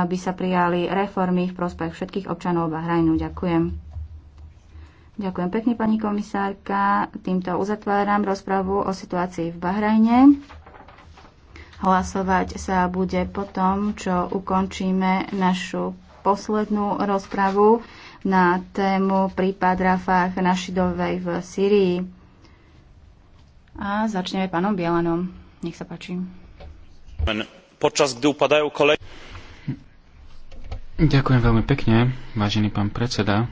aby sa prijali reformy v prospech všetkých občanov Bahrajnu. Ďakujem. Ďakujem pekne, pani komisárka. Týmto uzatváram rozpravu o situácii v Bahrajne. Hlasovať sa bude po tom, čo ukončíme našu poslednú rozpravu na tému prípad Rafah Našidovej v Syrii. A začneme pánom Bielanom. Nech sa páči. Počas, gdy upadajú kolegy... Ďakujem veľmi pekne, vážený pán predseda.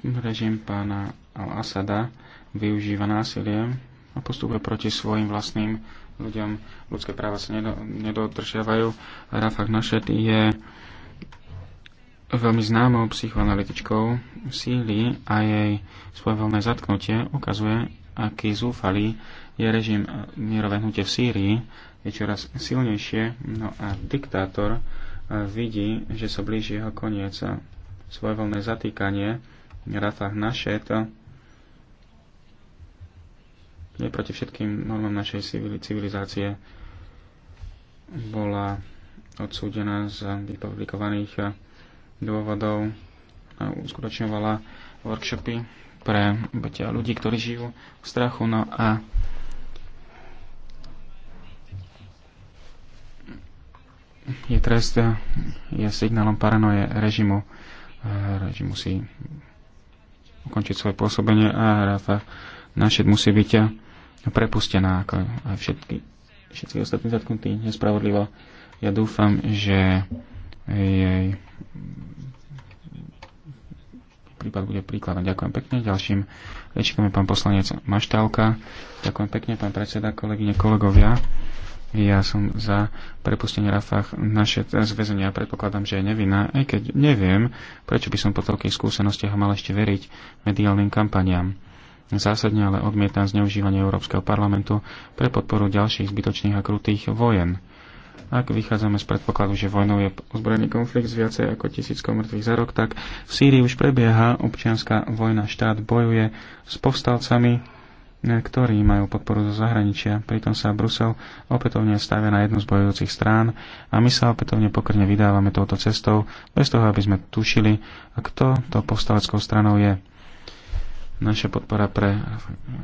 Režim pána Al-Asada využíva násilie a postupuje proti svojim vlastným ľuďom. Ľudské práva sa nedodržiavajú. Rafa Našet je veľmi známou psychoanalytičkou síly a jej svoje zatknutie ukazuje, aký zúfalý je režim mierové hnutie v Sýrii, je čoraz silnejšie, no a diktátor e, vidí, že sa blíži jeho koniec. svoje voľné zatýkanie Rafah Našet je proti všetkým normám našej civilizácie. Bola odsúdená z vypublikovaných dôvodov a uskutočňovala workshopy pre obete a ľudí, ktorí žijú v strachu. No a je trest, je signálom paranoje režimu. Režim musí ukončiť svoje pôsobenie a Rafa Našet musí byť prepustená, ako aj všetky, všetky ostatní zatknutí nespravodlivo. Ja dúfam, že jej prípad bude príkladom. Ďakujem pekne. Ďalším rečníkom je pán poslanec Maštálka. Ďakujem pekne, pán predseda, kolegyne, kolegovia. Ja som za prepustenie Rafah naše zväzenia a predpokladám, že je nevinná, aj keď neviem, prečo by som po toľkých skúsenostiach mal ešte veriť mediálnym kampaniám. Zásadne ale odmietam zneužívanie Európskeho parlamentu pre podporu ďalších zbytočných a krutých vojen. Ak vychádzame z predpokladu, že vojnou je ozbrojený konflikt s viacej ako tisíckou mŕtvych za rok, tak v Sýrii už prebieha občianská vojna. Štát bojuje s povstalcami, ktorí majú podporu zo zahraničia. Pritom sa Brusel opätovne stavia na jednu z bojujúcich strán a my sa opätovne pokrne vydávame touto cestou, bez toho, aby sme tušili, kto to povstaleckou stranou je. Naša podpora pre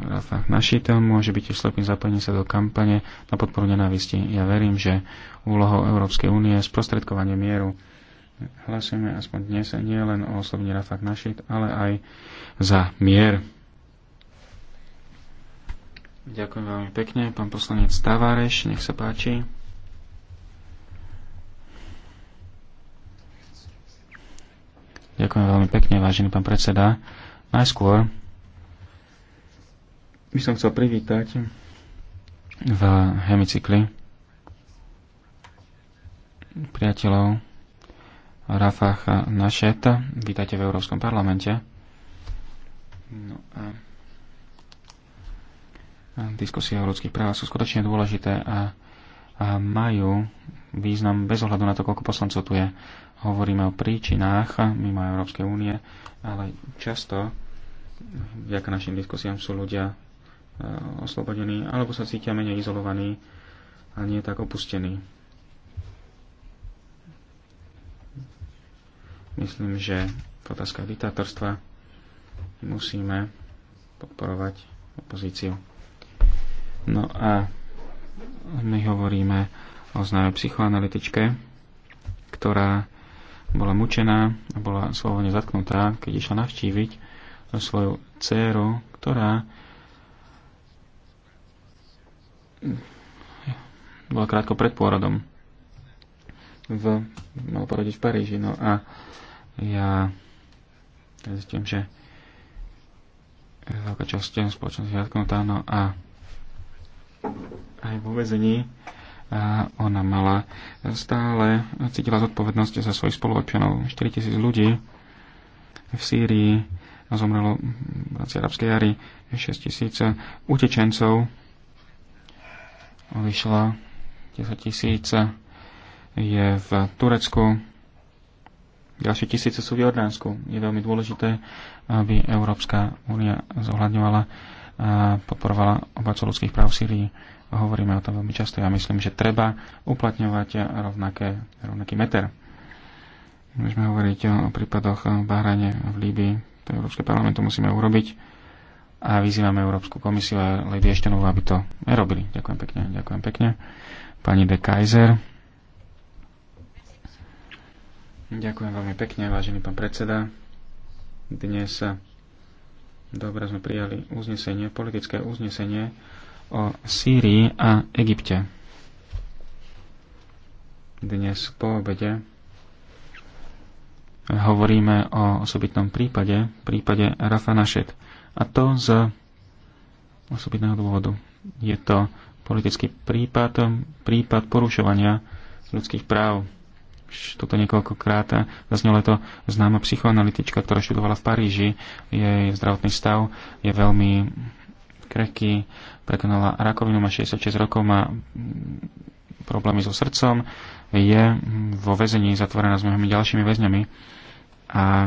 Rafa Našita môže byť tiež slepým zapojením sa do kampane na podporu nenávisti. Ja verím, že úlohou Európskej únie je sprostredkovanie mieru. Hlasujeme aspoň dnes nie len o osobní Rafa Našit, ale aj za mier. Ďakujem veľmi pekne. Pán poslanec Tavareš, nech sa páči. Ďakujem veľmi pekne, vážený pán predseda. Najskôr by som chcel privítať v hemicykli priateľov Rafacha Našeta. Vítajte v Európskom parlamente. No a diskusie o ľudských právach sú skutočne dôležité a, a majú význam bez ohľadu na to, koľko poslancov tu je. Hovoríme o príčinách mimo Európskej únie, ale často vďaka našim diskusiám sú ľudia Eh, oslobodení, alebo sa cítia menej izolovaní a nie tak opustení. Myslím, že v otázkach diktátorstva musíme podporovať opozíciu. No a my hovoríme o známej psychoanalytičke, ktorá bola mučená a bola slovene zatknutá, keď išla navštíviť svoju dceru, ktorá bola krátko pred pôrodom v, mal porodiť v Paríži. No a ja zistím, že veľká časť spoločnosti je zatknutá. No a aj vo vezení a ona mala stále cítila zodpovednosť za svojich spoluobčanov. 4000 ľudí v Sýrii zomrelo v rámci arabskej jary, 6000 utečencov vyšla 10 tisíc je v Turecku, ďalšie tisíce sú v Jordánsku. Je veľmi dôležité, aby Európska únia zohľadňovala a podporovala obacov ľudských práv v Syrii. Hovoríme o tom veľmi často. Ja myslím, že treba uplatňovať rovnaké, rovnaký meter. Môžeme hovoriť o prípadoch v Bahrane, v Líbii. To Európske parlamentu musíme urobiť a vyzývame Európsku komisiu a Lady Eštenovú, aby to robili. Ďakujem pekne, ďakujem pekne. Pani de Kaiser. Ďakujem veľmi pekne, vážený pán predseda. Dnes dobre sme prijali uznesenie, politické uznesenie o Sýrii a Egypte. Dnes po obede hovoríme o osobitnom prípade, prípade Rafa Našet a to z osobitného dôvodu. Je to politický prípad, prípad porušovania ľudských práv. Toto niekoľkokrát zaznelo to známa psychoanalytička, ktorá študovala v Paríži. Jej zdravotný stav je veľmi krehký, prekonala rakovinu, má 66 rokov, má problémy so srdcom, je vo väzení zatvorená s mnohými ďalšími väzňami a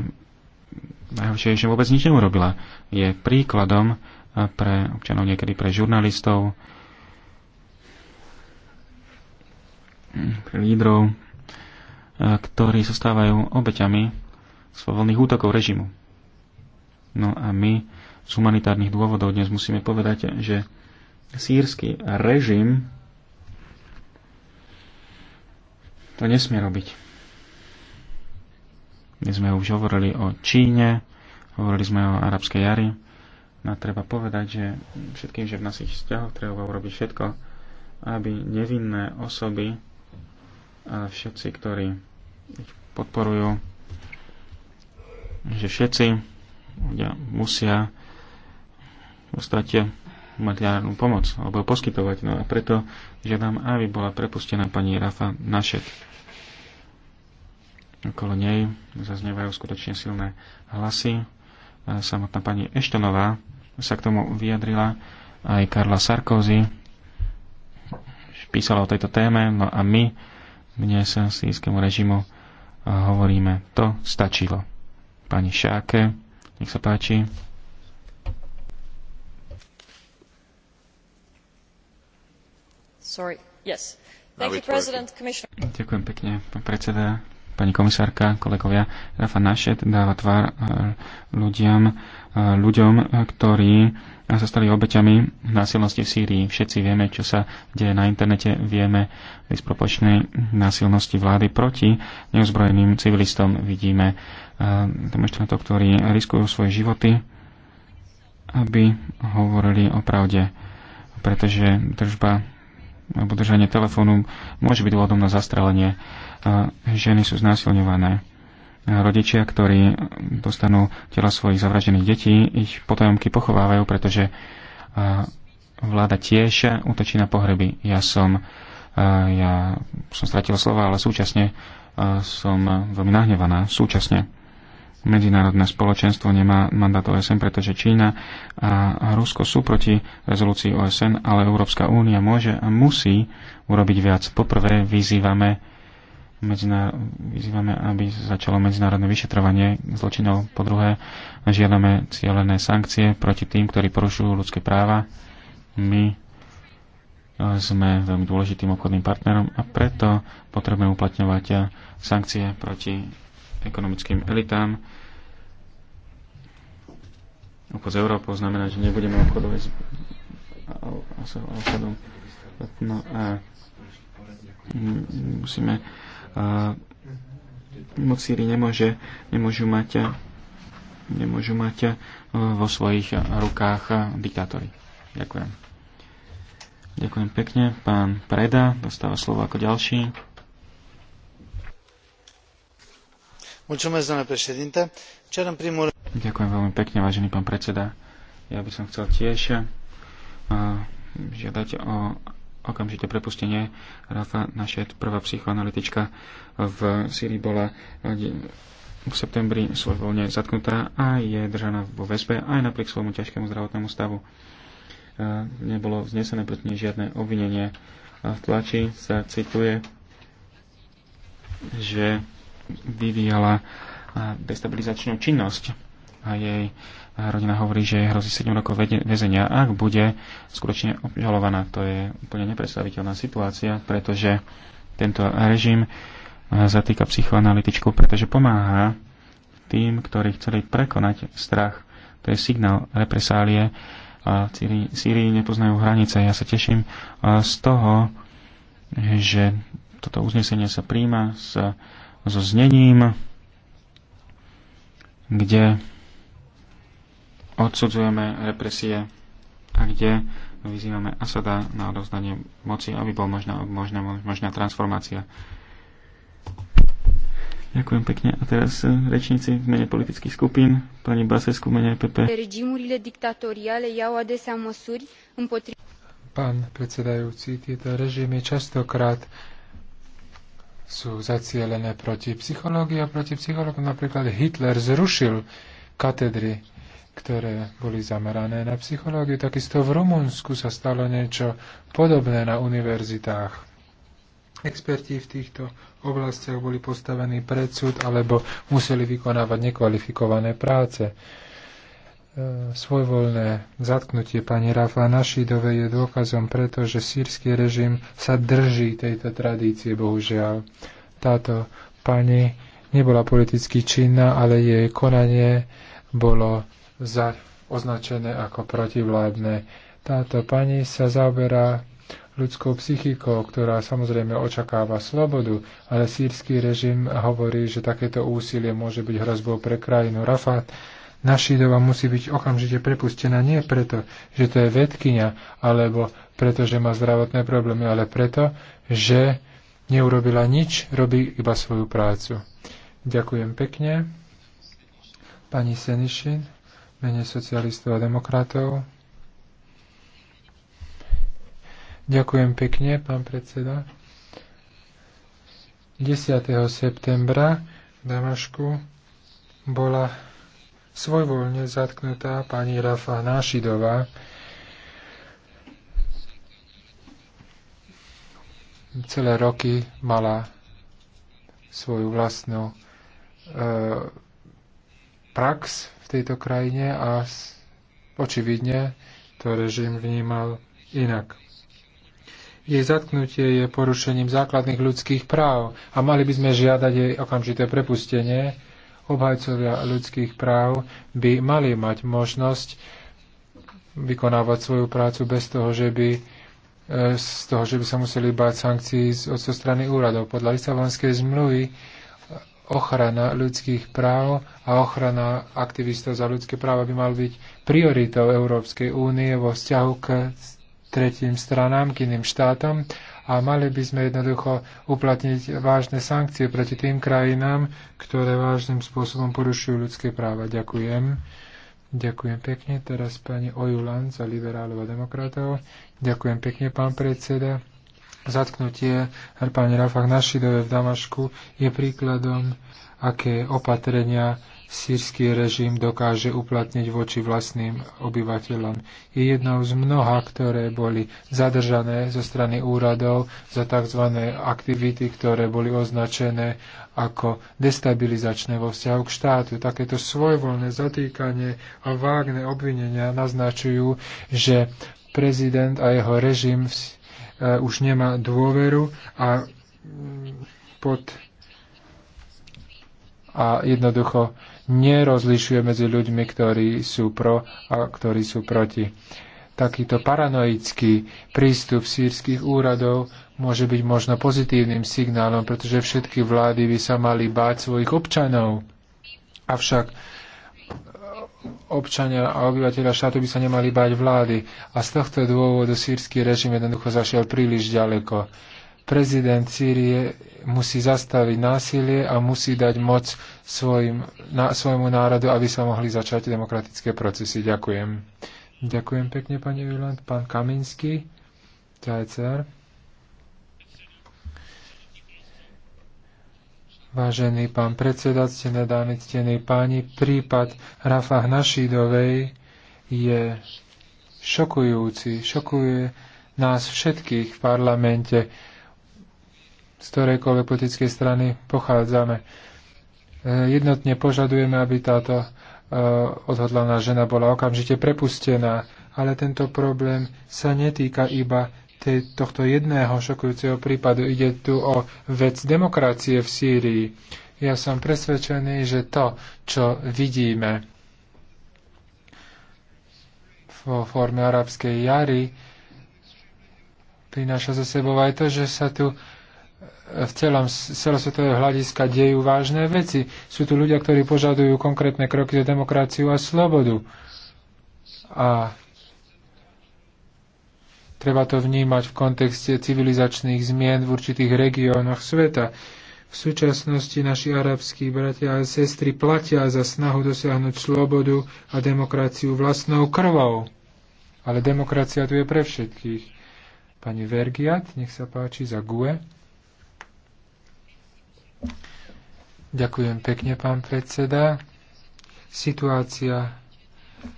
najhoršie je, že vôbec nič neurobila. Je príkladom eh, pre občanov, niekedy pre žurnalistov, pre lídrov, eh, ktorí sa stávajú obeťami svojvoľných útokov režimu. No a my z humanitárnych dôvodov dnes musíme povedať, že sírsky režim to nesmie robiť my sme už hovorili o Číne, hovorili sme o arabskej jari. No a treba povedať, že všetkým, že v našich vzťahoch treba urobiť všetko, aby nevinné osoby a všetci, ktorí ich podporujú, že všetci ľudia musia v podstate pomoc alebo poskytovať. No a preto žiadam, aby bola prepustená pani Rafa Našet. Okolo nej zaznievajú skutočne silné hlasy. Samotná pani Eštonová sa k tomu vyjadrila, aj Karla Sarkozy písala o tejto téme, no a my dnes sírskému režimu hovoríme, to stačilo. Pani Šáke, nech sa páči. Sorry. Yes. Thank you, President, Commissioner. Ďakujem pekne, pán predseda, pani komisárka, kolegovia, Rafa Našet dáva tvár eh, ľuďom, eh, ľuďom, eh, ktorí sa stali obeťami násilnosti v Sýrii. Všetci vieme, čo sa deje na internete, vieme disproporčnej násilnosti vlády proti neuzbrojeným civilistom. Vidíme demonstrantov, ktorí riskujú svoje životy, aby hovorili o pravde, pretože držba alebo držanie telefónu môže byť dôvodom na zastrelenie. Ženy sú znásilňované. Rodičia, ktorí dostanú tela svojich zavražených detí, ich potomky pochovávajú, pretože vláda tiež utočí na pohreby. Ja som, ja som stratil slova, ale súčasne som veľmi nahnevaná. Súčasne medzinárodné spoločenstvo nemá mandát OSN, pretože Čína a Rusko sú proti rezolúcii OSN, ale Európska únia môže a musí urobiť viac. Poprvé vyzývame, medziná... vyzývame aby začalo medzinárodné vyšetrovanie zločinov. Po druhé, žiadame cieľené sankcie proti tým, ktorí porušujú ľudské práva. My e, sme veľmi dôležitým obchodným partnerom a preto potrebujeme uplatňovať e, sankcie proti ekonomickým elitám. Obchod s Európou znamená, že nebudeme obchodovať s obchodom. No a musíme a, moc síry nemôže, nemôžu mať nemôžu mať vo svojich rukách diktátory. Ďakujem. Ďakujem pekne. Pán Preda dostáva slovo ako ďalší. Ďakujem veľmi pekne, vážený pán predseda. Ja by som chcel tiež eh, žiadať o okamžité prepustenie Rafa Našet, prvá psychoanalytička v Syrii bola eh, v septembri svojvoľne zatknutá a je držaná vo väzbe aj napriek svojmu ťažkému zdravotnému stavu. Eh, nebolo vznesené proti nej žiadne obvinenie. V tlači sa cituje, že vyvíjala eh, destabilizačnú činnosť. A jej eh, rodina hovorí, že hrozí 7 rokov väzenia, ak bude skutočne obžalovaná. To je úplne nepredstaviteľná situácia, pretože tento režim eh, zatýka psychoanalytičku, pretože pomáha tým, ktorí chceli prekonať strach. To je signál represálie. A v Sýrii nepoznajú hranice. Ja sa teším z toho, že toto uznesenie sa príjma s so znením, kde odsudzujeme represie a kde vyzývame Asada na odovzdanie moci, aby bol možná, možná, možná transformácia. Ďakujem pekne. A teraz eh, rečníci v mene politických skupín, pani Basescu, mene PP. E Pán predsedajúci, tieto režimy častokrát sú zacielené proti psychológii a proti psychológom. Napríklad Hitler zrušil katedry, ktoré boli zamerané na psychológiu. Takisto v Rumunsku sa stalo niečo podobné na univerzitách. Experti v týchto oblastiach boli postavení pred súd alebo museli vykonávať nekvalifikované práce svojvoľné zatknutie pani Rafa Našidovej je dôkazom preto, že sírsky režim sa drží tejto tradície, bohužiaľ. Táto pani nebola politicky činná, ale jej konanie bolo za, označené ako protivládne. Táto pani sa zaoberá ľudskou psychikou, ktorá samozrejme očakáva slobodu, ale sírsky režim hovorí, že takéto úsilie môže byť hrozbou pre krajinu. Rafat Našidova musí byť okamžite prepustená nie preto, že to je vedkynia, alebo preto, že má zdravotné problémy, ale preto, že neurobila nič, robí iba svoju prácu. Ďakujem pekne. Pani Senišin, mene socialistov a demokratov. Ďakujem pekne, pán predseda. 10. septembra v Damašku bola svojvoľne zatknutá pani Rafa Nášidová. Celé roky mala svoju vlastnú e, prax v tejto krajine a očividne to režim vnímal inak. Jej zatknutie je porušením základných ľudských práv a mali by sme žiadať jej okamžité prepustenie obhajcovia ľudských práv by mali mať možnosť vykonávať svoju prácu bez toho, že by e, z toho, že by sa museli báť sankcií od so strany úradov. Podľa Lisabonskej zmluvy ochrana ľudských práv a ochrana aktivistov za ľudské práva by mal byť prioritou Európskej únie vo vzťahu k tretím stranám, k iným štátom a mali by sme jednoducho uplatniť vážne sankcie proti tým krajinám, ktoré vážnym spôsobom porušujú ľudské práva. Ďakujem. Ďakujem pekne. Teraz pani Ojulan za liberálov a demokratov. Ďakujem pekne, pán predseda. Zatknutie pani Rafah Našidove v Damašku je príkladom, aké opatrenia sírsky režim dokáže uplatniť voči vlastným obyvateľom. Je jednou z mnoha, ktoré boli zadržané zo strany úradov za tzv. aktivity, ktoré boli označené ako destabilizačné vo vzťahu k štátu. Takéto svojvoľné zatýkanie a vágne obvinenia naznačujú, že prezident a jeho režim e, už nemá dôveru a mm, pod a jednoducho nerozlišuje medzi ľuďmi, ktorí sú pro a ktorí sú proti. Takýto paranoický prístup sírskych úradov môže byť možno pozitívnym signálom, pretože všetky vlády by sa mali báť svojich občanov. Avšak občania a obyvateľa štátu by sa nemali báť vlády a z tohto dôvodu sírsky režim jednoducho zašiel príliš ďaleko. Prezident Sýrie musí zastaviť násilie a musí dať moc svojim, na, svojmu národu, aby sa mohli začať demokratické procesy. Ďakujem. Ďakujem pekne, pani Vyland. Pán Kaminsky, TCR. Vážený pán predseda, ctené dámy, ctené páni, prípad Rafah Našídovej je šokujúci, šokuje nás všetkých v parlamente z ktorejkoľvek politickej strany pochádzame. E, jednotne požadujeme, aby táto e, odhodlaná žena bola okamžite prepustená, ale tento problém sa netýka iba tohto jedného šokujúceho prípadu. Ide tu o vec demokracie v Sýrii. Ja som presvedčený, že to, čo vidíme vo forme arabskej jary, prináša za sebou aj to, že sa tu v celom celosvetového hľadiska dejú vážne veci. Sú tu ľudia, ktorí požadujú konkrétne kroky za demokraciu a slobodu. A treba to vnímať v kontexte civilizačných zmien v určitých regiónoch sveta. V súčasnosti naši arabskí bratia a sestry platia za snahu dosiahnuť slobodu a demokraciu vlastnou krvou. Ale demokracia tu je pre všetkých. Pani Vergiat, nech sa páči, za GUE. Ďakujem pekne, pán predseda. Situácia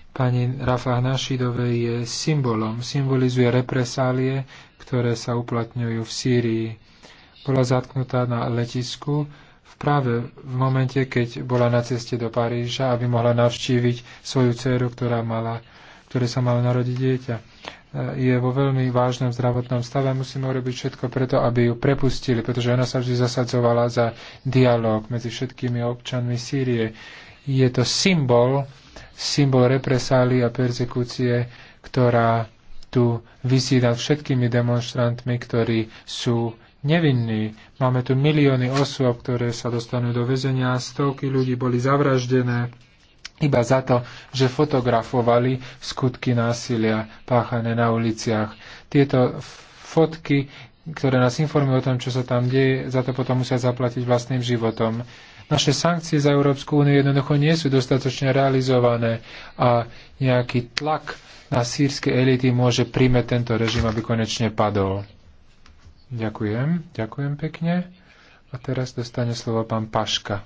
pani Rafa Našidovej je symbolom. Symbolizuje represálie, ktoré sa uplatňujú v Sýrii. Bola zatknutá na letisku v práve v momente, keď bola na ceste do Paríža, aby mohla navštíviť svoju dceru, ktorá mala, ktoré sa malo narodiť dieťa je vo veľmi vážnom zdravotnom stave. Musíme urobiť všetko preto, aby ju prepustili, pretože ona sa vždy zasadzovala za dialog medzi všetkými občanmi Sýrie. Je to symbol, symbol represály a persekúcie, ktorá tu vysí nad všetkými demonstrantmi, ktorí sú nevinní. Máme tu milióny osôb, ktoré sa dostanú do väzenia, stovky ľudí boli zavraždené iba za to, že fotografovali skutky násilia páchané na uliciach. Tieto fotky, ktoré nás informujú o tom, čo sa tam deje, za to potom musia zaplatiť vlastným životom. Naše sankcie za Európsku úniu jednoducho nie sú dostatočne realizované a nejaký tlak na sírske elity môže príjmeť tento režim, aby konečne padol. Ďakujem, ďakujem pekne. A teraz dostane slovo pán Paška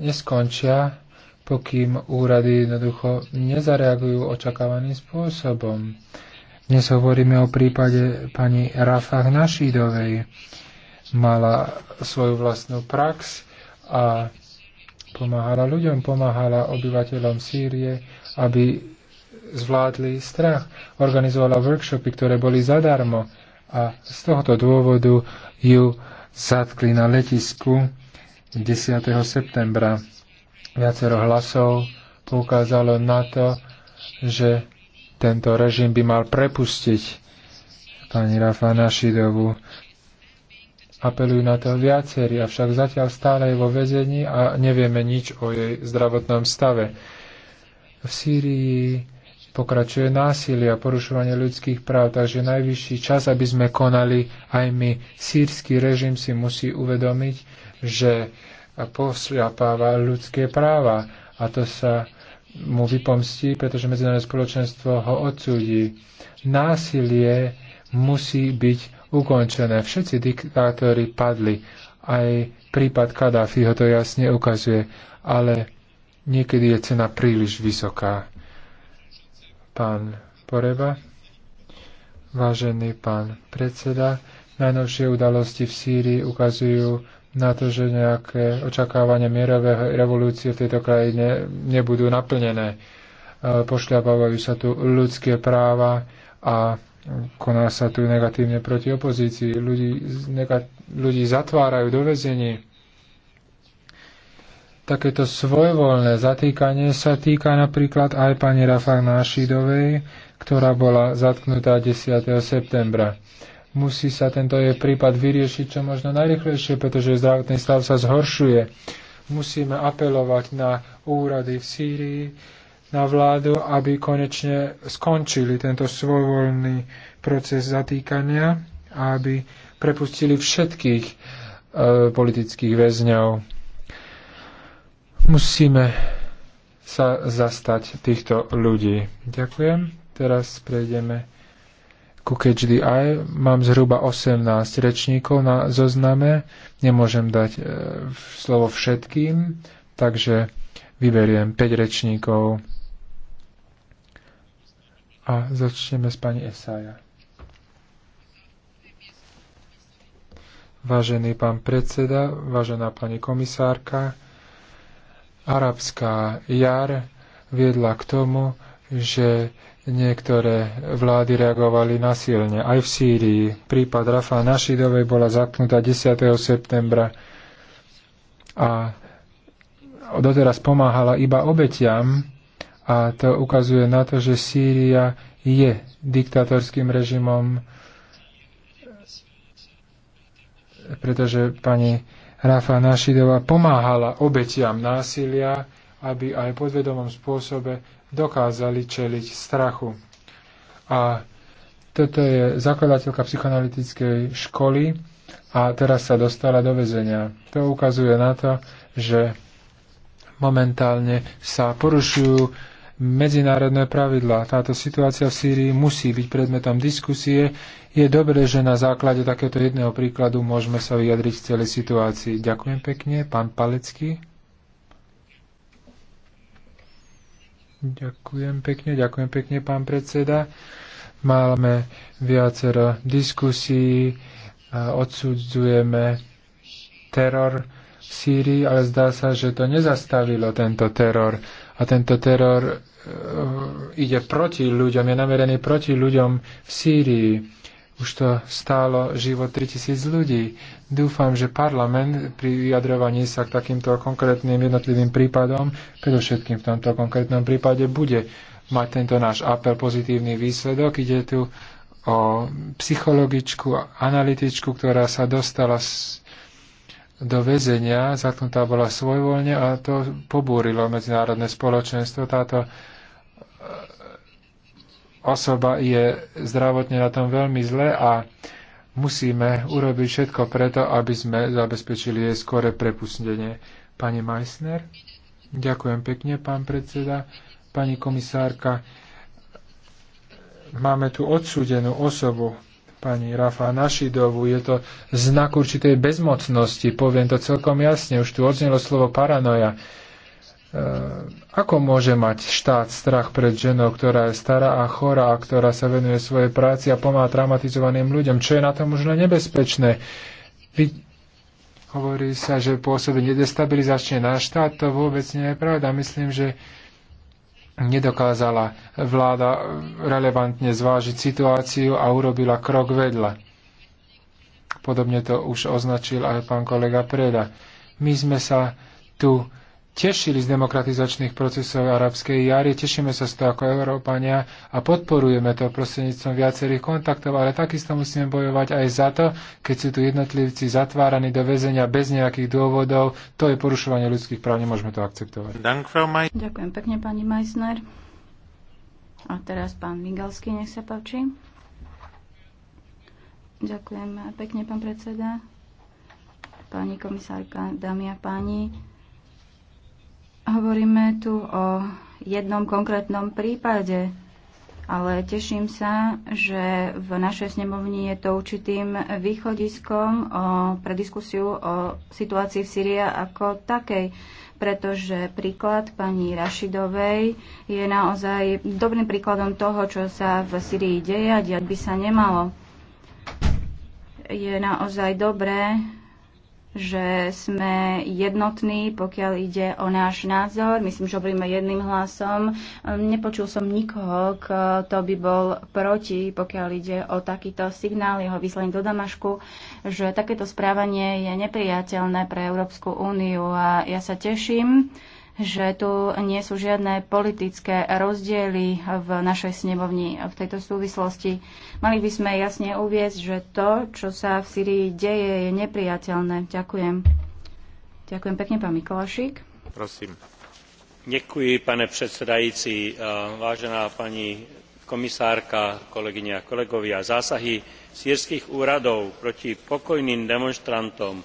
neskončia, pokým úrady jednoducho nezareagujú očakávaným spôsobom. Dnes hovoríme o prípade pani Rafah Našídovej. Mala svoju vlastnú prax a pomáhala ľuďom, pomáhala obyvateľom Sýrie, aby zvládli strach. Organizovala workshopy, ktoré boli zadarmo a z tohoto dôvodu ju zatkli na letisku 10. septembra. Viacero hlasov poukázalo na to, že tento režim by mal prepustiť pani Rafa Našidovu. Apelujú na to viacerí, avšak zatiaľ stále je vo vezení a nevieme nič o jej zdravotnom stave. V Sýrii pokračuje násilie a porušovanie ľudských práv, takže najvyšší čas, aby sme konali aj my. Sýrsky režim si musí uvedomiť, že posľapáva ľudské práva a to sa mu vypomstí, pretože medzinárodné spoločenstvo ho odsúdi. Násilie musí byť ukončené. Všetci diktátori padli. Aj prípad Kadáfiho to jasne ukazuje. Ale niekedy je cena príliš vysoká pán Poreba. Vážený pán predseda, najnovšie udalosti v Sýrii ukazujú na to, že nejaké očakávania mierového revolúcie v tejto krajine nebudú naplnené. E, pošľapávajú sa tu ľudské práva a koná sa tu negatívne proti opozícii. Ľudí, ľudí zatvárajú do väzení Takéto svojvoľné zatýkanie sa týka napríklad aj pani Rafak Nášidovej, ktorá bola zatknutá 10. septembra. Musí sa tento jej prípad vyriešiť čo možno najrychlejšie, pretože zdravotný stav sa zhoršuje. Musíme apelovať na úrady v Sýrii, na vládu, aby konečne skončili tento svojvoľný proces zatýkania a aby prepustili všetkých e, politických väzňov Musíme sa zastať týchto ľudí. Ďakujem. Teraz prejdeme ku KHDI. Mám zhruba 18 rečníkov na zozname. Nemôžem dať e, slovo všetkým, takže vyberiem 5 rečníkov. A začneme s pani Esaja. Vážený pán predseda, vážená pani komisárka, arabská jar viedla k tomu, že niektoré vlády reagovali nasilne. Aj v Sýrii prípad Rafa Našidovej bola zaknutá 10. septembra a doteraz pomáhala iba obetiam a to ukazuje na to, že Sýria je diktatorským režimom, pretože pani Rafa Našidová pomáhala obetiam násilia, aby aj podvedomom spôsobe dokázali čeliť strachu. A toto je zakladateľka psychoanalytickej školy a teraz sa dostala do väzenia. To ukazuje na to, že momentálne sa porušujú medzinárodné pravidlá. Táto situácia v Sýrii musí byť predmetom diskusie. Je dobré, že na základe takéto jedného príkladu môžeme sa vyjadriť v celej situácii. Ďakujem pekne. Pán Palecký. Ďakujem pekne, ďakujem pekne, pán predseda. Máme viacero diskusí, odsudzujeme teror v Sýrii, ale zdá sa, že to nezastavilo tento teror a tento teror e, ide proti ľuďom, je namerený proti ľuďom v Sýrii. Už to stálo život 3000 ľudí. Dúfam, že parlament pri vyjadrovaní sa k takýmto konkrétnym jednotlivým prípadom, predovšetkým v tomto konkrétnom prípade, bude mať tento náš apel pozitívny výsledok. Ide tu o psychologičku, analytičku, ktorá sa dostala z do väzenia, zatknutá bola svojvoľne a to pobúrilo medzinárodné spoločenstvo. Táto eh, osoba je zdravotne na tom veľmi zle a musíme urobiť všetko preto, aby sme zabezpečili jej skore prepustenie. Pani Meissner, ďakujem pekne, pán predseda, pani komisárka. Máme tu odsúdenú osobu, pani Rafa Našidovu. Je to znak určitej bezmocnosti, poviem to celkom jasne. Už tu odznelo slovo paranoja. E, ako môže mať štát strach pred ženou, ktorá je stará a chorá, a ktorá sa venuje svojej práci a pomáha traumatizovaným ľuďom? Čo je na tom možno nebezpečné? Vy, hovorí sa, že pôsobenie destabilizačne na štát, to vôbec nie je pravda. Myslím, že nedokázala vláda relevantne zvážiť situáciu a urobila krok vedľa. Podobne to už označil aj pán kolega Preda. My sme sa tu tešili z demokratizačných procesov arabskej jary, tešíme sa z toho ako Európania a podporujeme to prostredníctvom viacerých kontaktov, ale takisto musíme bojovať aj za to, keď sú tu jednotlivci zatváraní do väzenia bez nejakých dôvodov, to je porušovanie ľudských práv, nemôžeme to akceptovať. Ďakujem pekne, pani Meissner. A teraz pán Migalský, nech sa páči. Ďakujem pekne, pán predseda. Pani komisárka, dámy a páni, Hovoríme tu o jednom konkrétnom prípade, ale teším sa, že v našej snemovni je to určitým východiskom o, pre diskusiu o situácii v Syrii ako takej, pretože príklad pani Rašidovej je naozaj dobrým príkladom toho, čo sa v Syrii deje a diať by sa nemalo. Je naozaj dobré, že sme jednotní, pokiaľ ide o náš názor. Myslím, že hovoríme jedným hlasom. Ehm, nepočul som nikoho, kto by bol proti, pokiaľ ide o takýto signál, jeho vyslaní do Damašku, že takéto správanie je nepriateľné pre Európsku úniu a ja sa teším, že tu nie sú žiadne politické rozdiely v našej snemovni v tejto súvislosti. Mali by sme jasne uviezť, že to, čo sa v Syrii deje, je nepriateľné. Ďakujem. Ďakujem pekne, pán Mikolašik. Prosím. Ďakujem, pane predsedajúci, eh, vážená pani komisárka, kolegyne a kolegovia. Zásahy sírskych úradov proti pokojným demonštrantom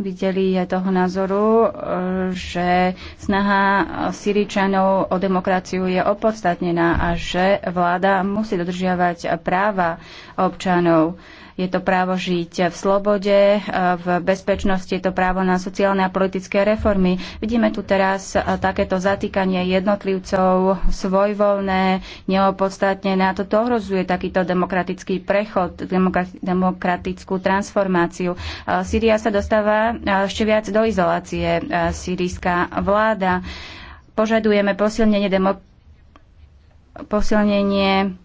videli, je toho názoru, e, že snaha Syričanov o demokraciu je opodstatnená a že vláda musí dodržiavať práva občanov. Je to právo žiť v slobode, e, v bezpečnosti, je to právo na sociálne a politické reformy. Vidíme tu teraz e, takéto zatýkanie jednotlivcov, svojvoľné, neopodstatnené a toto ohrozuje takýto demokratický prechod, demokratickú transformáciu. E, Síria sa dostáva ešte viac do izolácie. sýrijská vláda. Požadujeme posilnenie, demo- posilnenie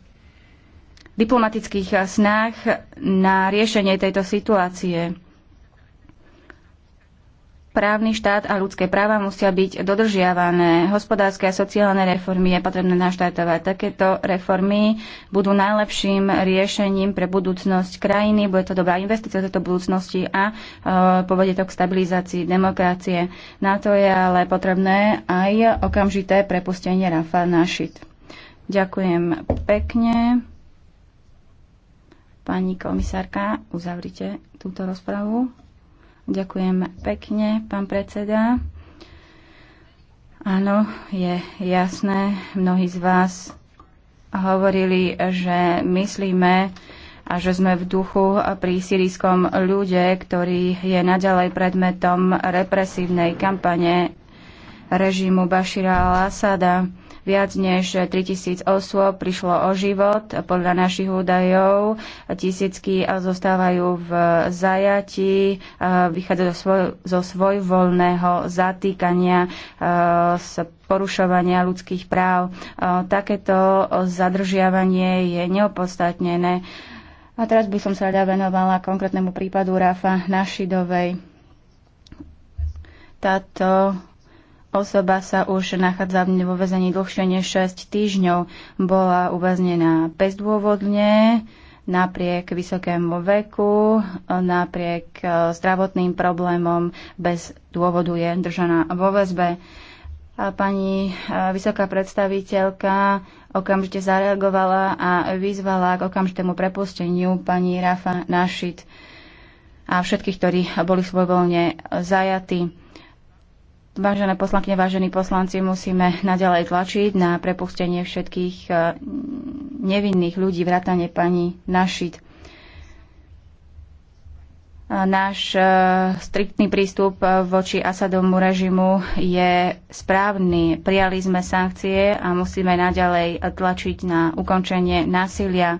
diplomatických snách na riešenie tejto situácie. Právny štát a ľudské práva musia byť dodržiavané. Hospodárske a sociálne reformy je potrebné naštartovať. Takéto reformy budú najlepším riešením pre budúcnosť krajiny. Bude to dobrá investícia do budúcnosti a e, povede to k stabilizácii demokracie. Na to je ale potrebné aj okamžité prepustenie Rafa Našit. Ďakujem pekne. Pani komisárka, uzavrite túto rozpravu. Ďakujem pekne, pán predseda. Áno, je jasné, mnohí z vás hovorili, že myslíme a že sme v duchu pri síriskom ľude, ktorý je naďalej predmetom represívnej kampane režimu Bašira al-Asada. Viac než 3000 osôb prišlo o život. Podľa našich údajov tisícky zostávajú v zajati, vychádzajú zo, svoj, svojvoľného zatýkania, z porušovania ľudských práv. Takéto zadržiavanie je neopodstatnené. A teraz by som sa rada venovala konkrétnemu prípadu Rafa Našidovej. Táto Osoba sa už nachádza vo väzení dlhšie než 6 týždňov. Bola uväznená bezdôvodne, napriek vysokému veku, napriek e, zdravotným problémom, bez dôvodu je držaná vo väzbe. A pani e, vysoká predstaviteľka okamžite zareagovala a vyzvala k okamžitému prepusteniu pani Rafa Našit a všetkých, ktorí boli svojvoľne zajatí. Vážené poslankyne, vážení poslanci, musíme naďalej tlačiť na prepustenie všetkých e, nevinných ľudí, vrátane pani Našit. E, náš e, striktný prístup voči Asadomu režimu je správny. Prijali sme sankcie a musíme naďalej tlačiť na ukončenie násilia.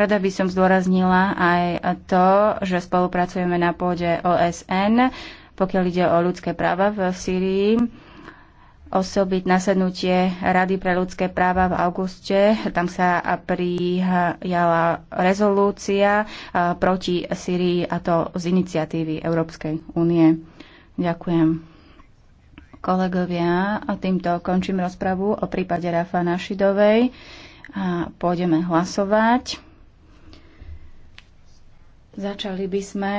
Rada by som zdôraznila aj to, že spolupracujeme na pôde OSN pokiaľ ide o ľudské práva v Sýrii. Osobiť nasadnutie Rady pre ľudské práva v auguste. Tam sa prijala rezolúcia proti Syrii a to z iniciatívy Európskej únie. Ďakujem. Kolegovia, a týmto končím rozpravu o prípade Rafa Našidovej a pôjdeme hlasovať. Začali by sme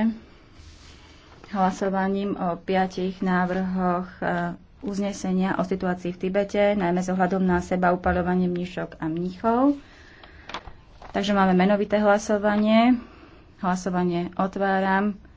hlasovaním o piatich návrhoch e, uznesenia o situácii v Tibete, najmä s ohľadom na seba upaľovanie mníšok a mníchov. Takže máme menovité hlasovanie. Hlasovanie otváram.